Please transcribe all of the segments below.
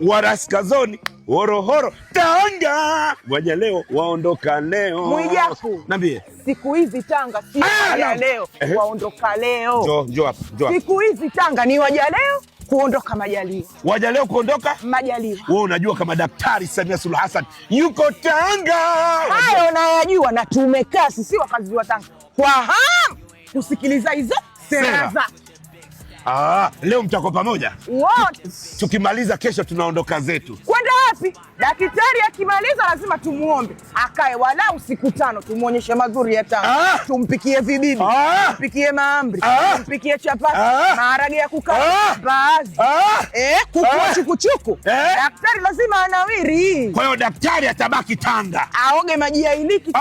wangu wa horohoro Tanga waja leo waondoka leo. Mwijaku nambie, siku hizi Tanga si ah, waja leo waondoka leo. Jo, jo hapa, jo. hapa. Siku hizi Tanga ni waja leo kuondoka majaliwa, waja leo kuondoka majaliwa. Wewe unajua kama Daktari Samia Suluhu Hassan yuko Tanga? Hayo nayajua, na tumekaa sisi wakazi wa Tanga kwa hamu kusikiliza hizo sera zake Ah, leo mtako pamoja wote, tukimaliza kesho tunaondoka zetu wapi? Daktari akimaliza lazima tumuombe akae walau siku tano, tumuonyeshe mazuri ya tano, ah! tumpikie vibibi, ah! tumpikie maamri, ah! tumpikie chapati, maharage ya kukaa, mbaazi, eh, kuku chukuchuku. Eh! Daktari lazima anawiri. Kwa hiyo daktari atabaki Tanga, aoge maji ya iliki,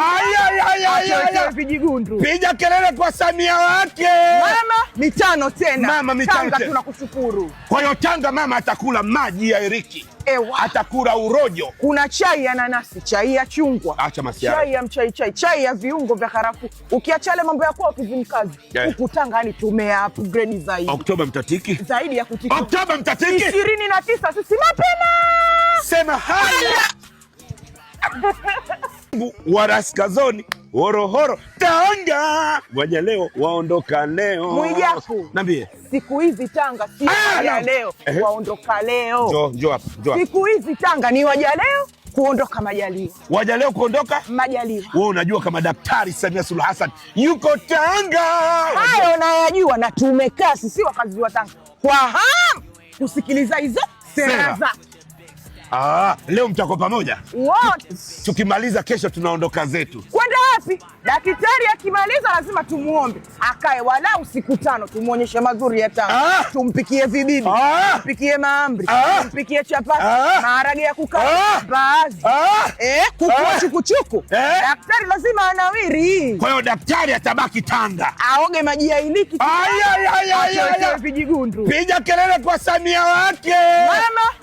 vijigundu, piga kelele kwa Samia wake. Mama mitano tena, mama mitano tena, tunakushukuru. Kwa hiyo Tanga mama atakula maji ya iliki ewa, atakula urojo. Kuna chai ya nanasi, chai ya chungwa, acha masiara, chai ya mchaichai, chai ya viungo vya harafu ukiachale mambo ya kwa kizimkazi huku eh. Tanga. Yani tumea upgrade zaidi, Oktoba mtatiki zaidi ya kutiki, Oktoba mtatiki tisa sisi mapema, sema haya wangu wa raskazoni horohoro Tanga waja leo waondoka leo. Mwijaku, nambie siku hizi Tanga si ah, waja leo waondoka leo. Njoo njoo hapa, Siku hizi Tanga ni waja leo kuondoka majaliwa, waja leo kuondoka majaliwa. Wewe unajua kama Daktari Samia Suluhu Hassan yuko Tanga? Hayo unayajua, na tumekaa sisi wakazi wa Tanga kwa hamu kusikiliza hizo sera zake. Ah, leo mtako pamoja wote, tukimaliza kesho tunaondoka zetu kwenda wapi? Daktari akimaliza lazima tumuombe akae wala usiku tano, tumwonyeshe mazuri ya tano ah, tumpikie vibibi ah, tumpikie mahamri ah, tumpikie chapati ah, maharage ya kukaa ah! baazi ah, eh, kukua ah! chukuchuku eh. Daktari lazima anawiri. Kwa hiyo daktari atabaki Tanga aoge maji ya iliki, piga kelele kwa Samia wake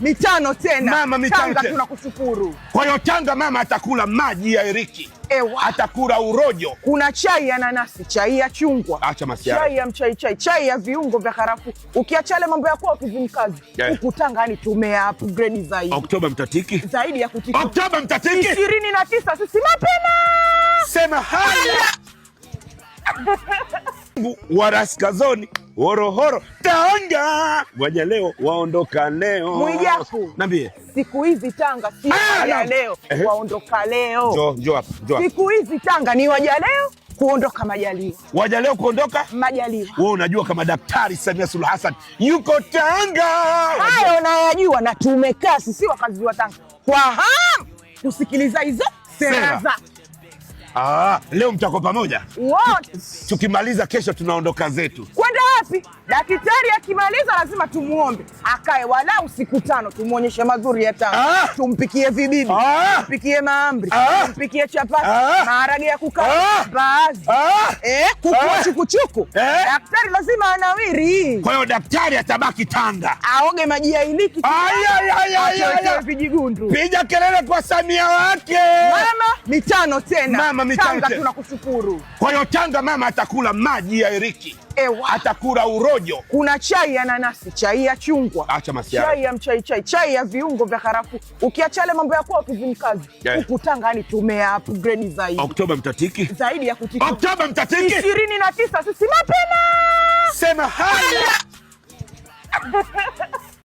mitano tena mama, mitano tena. Tunakushukuru. Kwa hiyo Tanga mama atakula maji ya eriki Ewa. Atakula urojo, kuna chai ya nanasi, chai ya chungwa, acha masiara, chai ya mchai chai, chai ya viungo vya karafu, Ukiachale mambo ya kwa kuzimkazi huku eh. yeah. Tanga ni tumea upgrade zaidi. Oktoba mtatiki zaidi ya kutiki. Oktoba mtatiki 29 sisi mapema, sema hala wa raskazoni horohoro Tanga leo waondoka leo. Mwijaku, nambie siku hizi Tanga si ah, leo waondoka leo. Njoo, njoo hapa, njoo Siku hizi Tanga ni waja leo kuondoka majalio, Wajaleo kuondoka majalio. Wewe unajua kama Daktari Samia Suluhu Hassan yuko Tanga, hayo nayajua, na tumekaa sisi wakazi wa Tanga kwa hamu kusikiliza hizo sera zake. Ah, leo mtako pamoja wote, tukimaliza kesho tunaondoka zetu tunaenda wapi? Daktari akimaliza lazima tumuombe akae walau siku tano, tumwonyeshe mazuri ya tano, ah! tumpikie vibibi, ah! tumpikie ah! tumpikie chapati, ah! maharage ya kukaa, ah! mbaazi, ah! eh, kuku ah! Eh! chukuchuku. Eh! Daktari lazima anawiri. Kwa hiyo daktari atabaki Tanga, aoge maji ya iliki, vijigundu, piga kelele kwa Samia wake, mama mitano tena, mama mitano tena, tunakushukuru. Kwa hiyo Tanga mama atakula maji ya iliki. Ewa. Atakula urojo. Kuna chai ya nanasi, chai ya chungwa, acha masiara, chai ya mchai chai, chai ya viungo vya karafu. Ukiachale mambo ya kwa kizimkazi huku eh. Tanga, yani tumea upgrade zaidi. Oktoba mtatiki zaidi ya kutiki. Oktoba mtatiki tisa, sisi mapema. Sema haya.